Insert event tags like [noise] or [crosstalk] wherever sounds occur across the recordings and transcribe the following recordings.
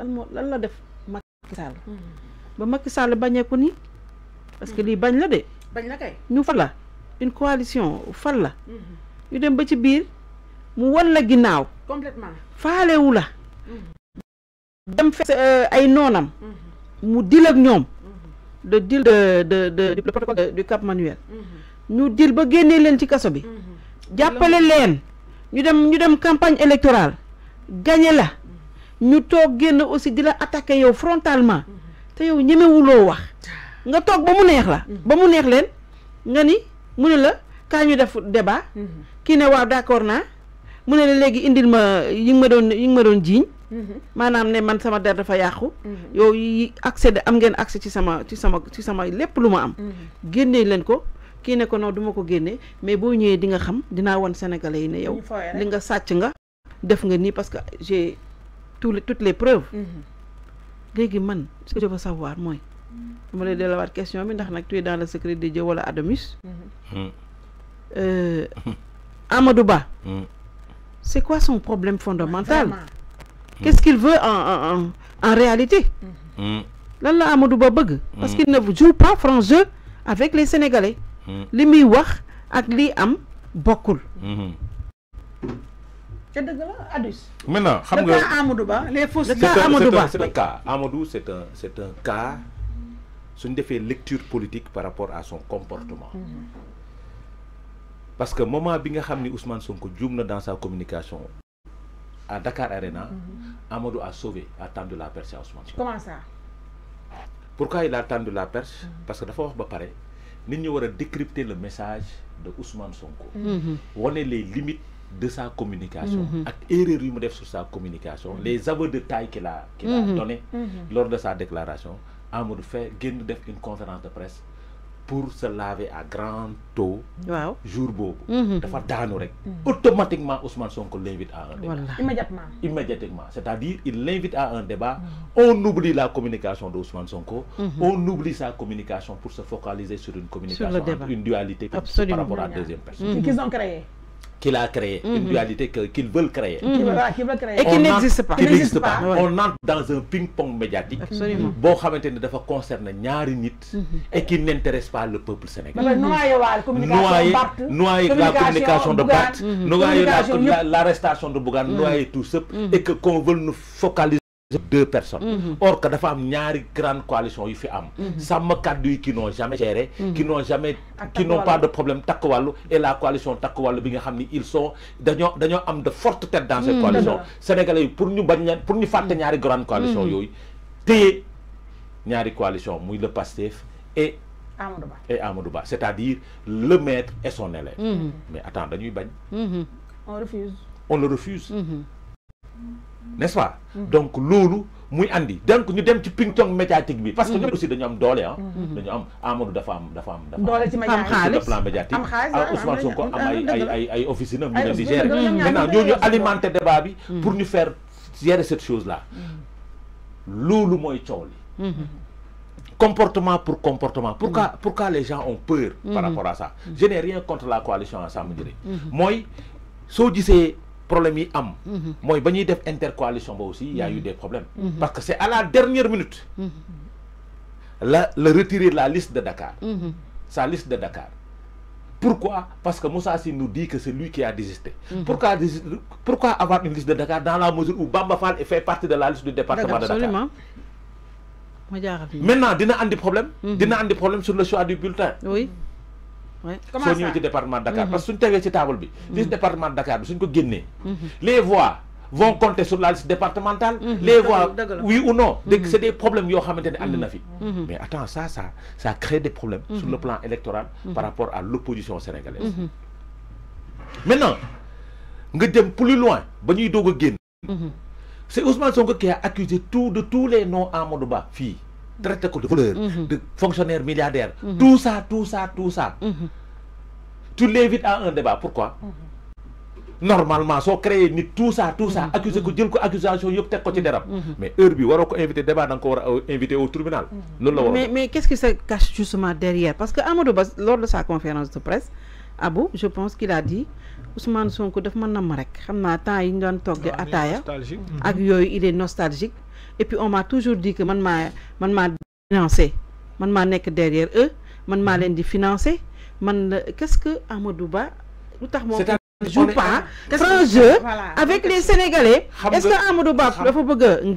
lan moo lan la def Macky Sall hmm. ba Macky Sall bañeeku ni parce que hmm. li bañ la de bañ la kay ñu fa la une coalition fa la hmm. ñu dem ba ci biir mu wala ginaaw complètement faalé wu la dem euh, ay nonam mu dil ak ñom de dil de de de kap protocole du Cap Manuel ñu dil ba génné leen ci kasso bi jappalé leen ñu dem ñu dem campagne électorale gagné la ñu toog génn aussi di la attaquer yow frontalement te yow ñemewuloo wax nga toog ba mu neex la ba mu neex leen nga ni mu ne la kaa ñu def débat kii ne waaw d'accord naa mu ne la léegi indil ma yi nga ma doon yi nga ma doon jiiñ maanaam ne man sama der dafa yàqu yow yi accès am ngeen accès ci sama ci sama ci sama lépp lu ma am génnee leen ko kii ne ko non duma ko génne mais boo ñëwee di nga xam dinaa wan sénégalais yi ne yow li nga sàcc nga def nga nii parce que j'ai toutes les preuves. Mhm. man ce que je veux savoir moi dama avoir question mais ndax tu es dans le secret de Dieu wala Adamus. Mhm. Euh, mhm. c'est quoi son problème fondamental qu'est-ce qu'il veut en, en, réalité là la Amadouba parce qu'il ne joue pas franc jeu avec les Sénégalais les miwah wax ak li am c'est un maintenant cas Amadou les Amadou c'est un cas c'est un cas lecture politique par rapport à son comportement. Mm-hmm. parce que moment où Ousmane Sonko Djumna dans sa communication à Dakar Arena. Mm-hmm. Amadou a sauvé a de la perche à Ousmane comment ça. pourquoi il a de la perche. Mm-hmm. parce que d'abord wax ba pare nit décrypter le message de Ousmane Sonko. est les limites de sa communication, mhm. sur sa communication, mhm. les aveux de taille qu'il a, mhm. donné lors de sa déclaration, Amadou fait une conférence de presse pour se laver à grand taux jour beau automatiquement Ousmane Sonko l'invite à un débat immédiatement immédiatement c'est-à-dire il l'invite à un débat on oublie la communication d'Ousmane Sonko on oublie sa communication pour se focaliser sur une communication une dualité par rapport à la deuxième personne qu'ils ont créé qu'il a créé, une mhm. dualité qu'ils veulent créer. Mhm. Et qui n'existe pas. On entre dans un ping-pong médiatique. Absolument. Bon, concerne mhm. et qui n'intéresse pas le peuple sénégalais. Noyer la communication de Bat, la l'arrestation de Bougan, noyer tout ça, et qu'on veut nous focaliser deux personnes. Mhm. or que dafa am une grande coalition il fait un, ça me mhm. cadre qui n'ont jamais géré. Mhm. qui n'ont jamais qui n'ont pas de problème et la coalition Takowalo, wàllu ils sont d'ailleurs, dañoo am de forte tête dans cette coalition sénégalais pour nous, bañ pour ñu faire une grande coalition y a une coalition oui le Pastef et. Amadouba. et Amadouba. c'est-à-dire le maître et son élève. mais attends dañuy on refuse. on le refuse. n'est-ce pas donc loolu muy andi donc ñu dem ci ping pong médiatique bi parce que ñoom aussi dañu am doole ah mm-hmm. Mm-hmm. dañu am Amadou dafa am dafa am dafa am sur le plan médiatique ah, Ousmane ah, Sonko am ay ay ay ay ñu leen di gérer maintenant bi mm-hmm. pour ñu faire gérer cette chose là loolu mooy coow comportement pour comportement. Pourquoi, pourquoi les gens ont peur par rapport à ça Je rien contre la coalition ensemble. Moi, si vous problème yi am. Mhm. def intercoalition ba aussi y a eu mhm. des problèmes. Mhm. parce que c'est à la dernière minute. la retirer retirer la liste de Dakar. sa liste de Dakar. Pourquoi Parce que Moussa nous dit que c'est lui qui a désisté. pourquoi, pourquoi, avoir une liste de Dakar dans la mesure où Bamba Fall fait partie de la liste du département de Dakar Absolument. Maintenant, il y a des problèmes. des problèmes sur le choix du bulletin. Oui comment ça soo département de Dakar mm-hmm. parce que suñ tegee ci table bi. les mm-hmm. département de Dakar suñ ko mm-hmm. les voix vont compter sur la liste départementale. les voix oui ou non. c'est des problèmes qui ont été mis na fi. mais attends ça ça ça crée des problèmes. sur le plan électoral. par rapport à l'opposition sénégalaise. maintenant nga allons plus loin ba ñuy c'est Ousmane Sonko qui a accusé tout de tous les noms à Ba fii. traité ko de voleur mm-hmm. de fonctionnaire milliardaire tout ça tout ça tout ça tu l'évites mm-hmm. mm-hmm. ko jël ko accusation yëpp teg ko ci deram mais heure bi waroo ko invité débat da nga ko war a euh, invité la war mais mais qu'est-ce se cache justement derrière parce que Amadou Ba lors de sa conférence de presse Ah bon, je pense qu'il a dit Ousmane Sonko daf ma nam rek xamna yi mhm. il est nostalgique et puis on m'a toujours dit que man suis man ma financé man suis derrière eux man suis mhm. len di financé man qu'est-ce que Amadou Ba joue pas un jeu avec les Sénégalais est-ce que Amadou Ba dafa bëgg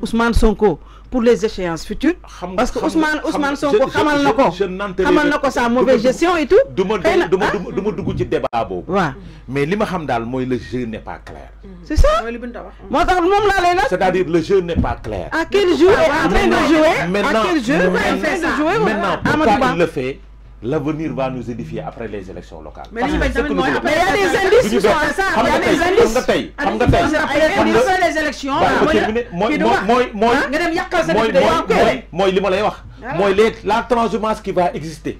Ousmane Sonko pour les échéances futures. parce que Ousmane Ousmane Sonko xamal nako ko xamal na sa mauvaise gestion et tout. du ma du ma du ma ci débat bobu mais lima ma xam daal mooy le jeu n'est pas clair. Mm-hmm. c'est ça moo tax moom laa lay laaj. c'est-à-dire le jeu n'est pas clair. à quel jeu est en train de jouer. à quel jeu est en train de maintenant pourquoi il le fait l'avenir va nous édifier après les élections locales. Mais il y a des indices sont ça. Il des indices. les élections. Ah. la transhumance qui va exister.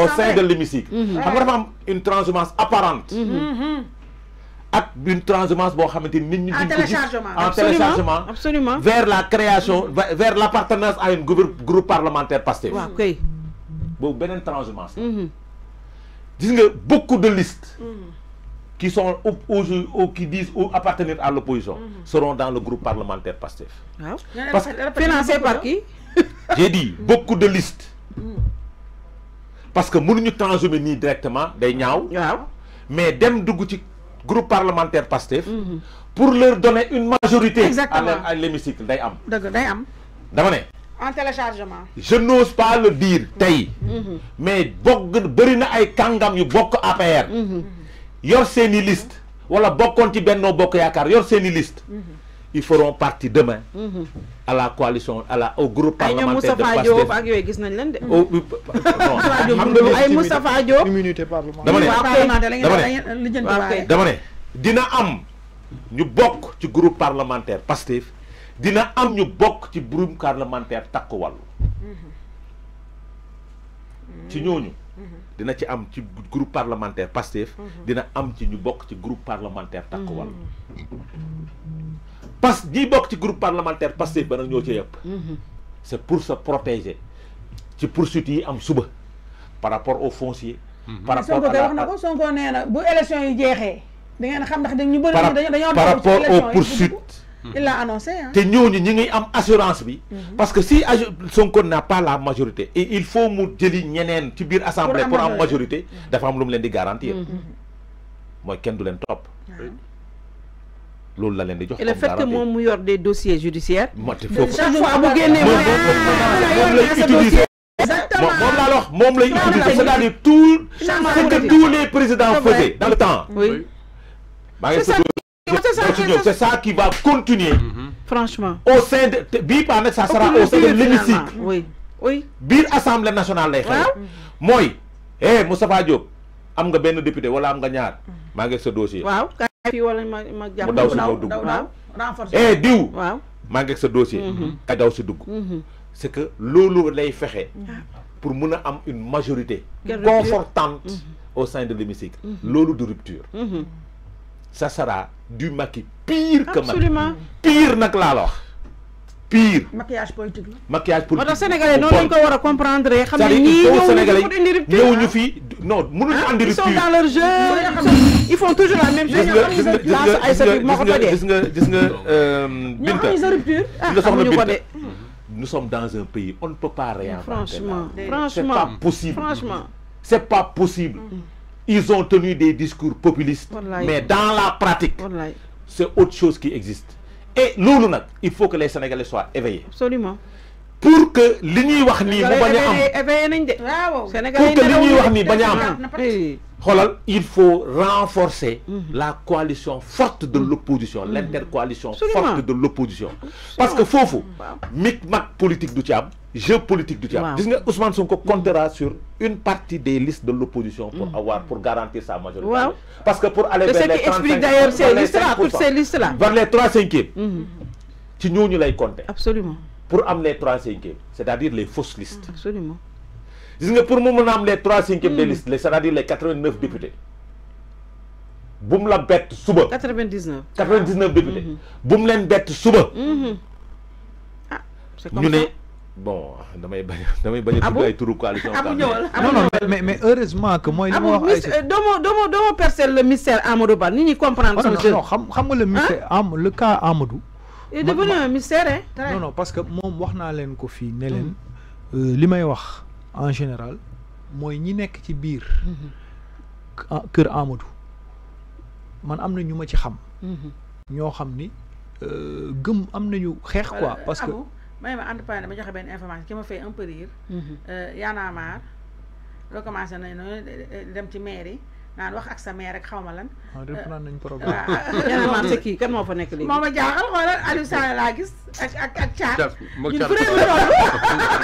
au sein de l'hémicycle. Mm-hmm. une transhumance apparente. Mm-hmm. une transhumance en téléchargement absolument vers la création vers l'appartenance à une groupe parlementaire Pastef. Mhm. beaucoup de listes mhm. qui sont ou qui disent appartenir à l'opposition mhm. seront dans le groupe parlementaire PASTEF parce financé par qui j'ai dit beaucoup de listes parce que moulinou transhumer ni directement des ñaaw mais dem du groupe parlementaire PASTEF pour leur donner une majorité à l'hémicycle D'accord en téléchargement. je n'ose pas le dire tey. Mhm. mais bokk bëri na ay kàngam yu bokk APR. Mhm. yor seeni liste. wala bokkoon ci Benno Bokk Yaakaar yor seeni liste. Mhm. ils feront partie demain. à la coalition à la au groupe parlementaire de Pastef ay ñoom Moustapha Diop ak yooyu gis nañ leen de. Oh, ay Moustapha Diop immunité parlementaire dama ne dina am ñu bokk ci groupe parlementaire Pastef. dina am ñu bokk ci burum parlementaire takku wàllu ci ñooñu dina ci am ci groupe parlementaire Pastef dina am ci ñu bokk ci groupe parlementaire takku wàllu parce que ñiy bokk ci groupe parlementaire Pastef ba nag ñoo ci yëpp c'est pour se protéger ci poursuites yi am suba par rapport au foncier mhm. par rapport Sonko wax na ko Sonko nee na bu élection xam ndax dañu bëri dañoo dañoo par rapport aux poursuites Il l'a annoncé. Hein. Nous avons assurance. Mhm. Parce que si son corps n'a pas la majorité, et il faut nous l'Assemblée pour la majorité, devons nous garantir. Moi, je top. la leen di jox le fait que des dossiers judiciaires. chaque fois cest tous les présidents dans le temps c'est ça qui va continuer. Mhm. Franchement. Au sein de. Bip, ça sera au sein de l'hémicycle. Oui. Oui. biir assemblée nationale lay xew ah. mooy eh Moustapha Diop am nga ben député wala am nga ñaar mhm. maa ngi dossier waaw fi wala ma ma jàpp mu daw eh diw waaw maa ngi dossier mhm. ka daw si dugg c'est que lolu lay fexé pour mun a am une majorité confortante au sein de l'hémicycle lolu de rupture ça sera du maquis pire que pire pire. maquillage politique maquillage politique. sénégalais comprendre eh. ah. ils sont dans leur jeu ils font toujours la même chose. nous sommes dans un pays on ne peut pas faire. franchement franchement c'est pas possible ils ont tenu des discours populistes mais dans la pratique c'est autre chose qui existe et nous il faut que les sénégalais soient éveillés absolument pour que l'union que il faut renforcer mm-hmm. la coalition forte de mm-hmm. l'opposition mm-hmm. l'intercoalition forte de l'opposition parce que faux, micmac politique du Tchab, Géopolitique du diable Wow. Ousmane Sonko comptera sur une partie des listes de l'opposition pour mm. avoir, pour garantir sa majorité. Parce que pour aller vers les, 35, qui explique d'ailleurs ces listes-là, toutes ces listes-là. Vers les 3 cinquièmes. Tu nous, nous les Absolument. Pour amener les 3 cinquièmes, c'est-à-dire les fausses listes. Absolument. Pour nous, on amener les 3 cinquièmes des mm. listes, c'est-à-dire les 89 députés. Boum la bête souba. 99. 99 députés. Mm-hmm. Boum la bête souba. Mm-hmm. Ah, c'est comme ça bon damay [laughs] bañ damay bañ a ay turu coalition ñëwal non non mais mais heureusement que moy li wax ay doomo doomo doomo percer le mystère Amadou Ba nit ñi comprendre son oh, jeu non xam xam nga le mystère hein? am le cas Amadou il est devenu un mystère hein non non parce que mom wax naa leen ko fi ne leen mm-hmm. euh, li may wax en général moy ñi nekk ci biir mm-hmm. kër Amadou man am na ñu ma ci xam mm-hmm. ñoo xam ni euh, gëm am nañu xeex quoi parce que may ma entreprenariat ma joxe benn information qui m'a fait un peu rire. Mhm. Euh, Y'en a marre euh, dem ci mairie naan wax ak sa maire rek xaw ah, euh, [laughs] ma lan. waaw reprendre nañu programme. kii kan moo fa nekk léegi. moo ma jaaxal xoolal Aliou Sall laa gis ak ak ak Thiat. Thiat moom Thiat